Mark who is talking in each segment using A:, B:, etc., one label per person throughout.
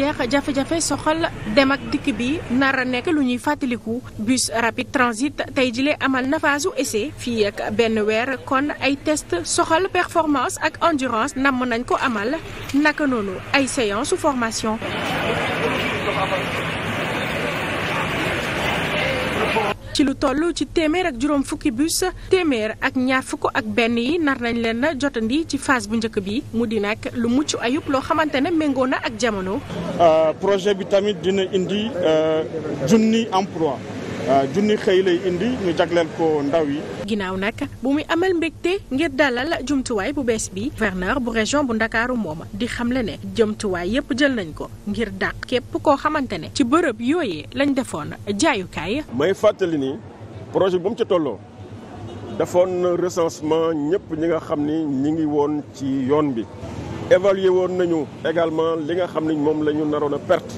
A: jeex jafe-jafe soxal dem ak dikk bi nara a nekk lu ñuy fàttaliku bus rapide transit tey jilee amal na phase u essai ak benn weer kon ay test soxal performance ak endurance namm nañ ko amal naka noonu ay séance su formation. ci lu toll ci téeméer ak juróom fukki bus téeméer ak ñaar fukk ak benn yi nar nañ leen jotandi ci phase bu njëkk bi mu di nag lu mucc ayub loo xamante ne méngoo na ak jamono.
B: Euh, projet bi tamit dina indi euh, junni emploi Euh, junni xëy lay indi ñu jagleel ko ndaw yi.
A: ginnaaw nag bu muy amal mbégte ngir dalal jumtuwaay bu bees bi gouverneur bu région bu ndakaaru moom di xam ne jumtuwaay yépp jël nañ ko ngir dàq képp koo xamante ne ci bërëb yooyee lañ defoon jaayukaay.
C: may fàttali ni projet bu mu ci tolloo defoon na recensement ñépp ñi nga xam ni ñi ngi woon ci yoon bi. évalué woon nañu également li nga xam ni moom lañu ñu naroon a perte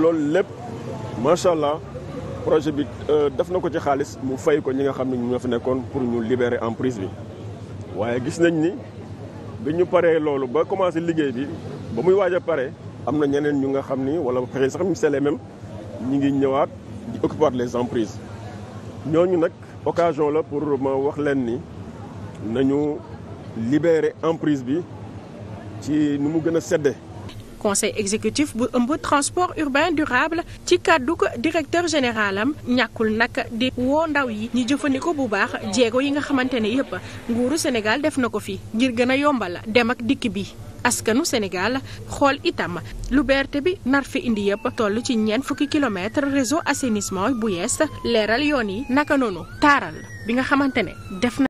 C: loolu lépp macha projet bi euh, def na ko ci xaalis mu fay ko ñi nga xam ne ñoo fi nekkoon pour ñu libérer en prise bi waaye gis nañ ni bi ñu paree loolu ba commencé liggéey bi ba muy waajee pare am na ñeneen ñu nga xam ni wala xëy sax c'est les mêmes ñi ngi ñëwaat di occuper les emprises ñooñu nag occasion la pour ma wax leen ni nañu libérer emprise bi ci nu mu gën a sedde
A: conseil exécutif bu ëmb transport urbain durable ci kàddug directeur général am ñàkkul nag di woo ndaw yi ñu jëfandikoo bu baax jéego yi nga xamante ne yépp nguuru Sénégal def na ko fi ngir gën a yombal dem ak dikk bi askanu Sénégal xool itam lu berte bi nar fi indi yëpp toll ci ñeent fukki kilomètre réseau assainissement bu yees leeral yoon yi naka noonu taaral bi nga xamante def na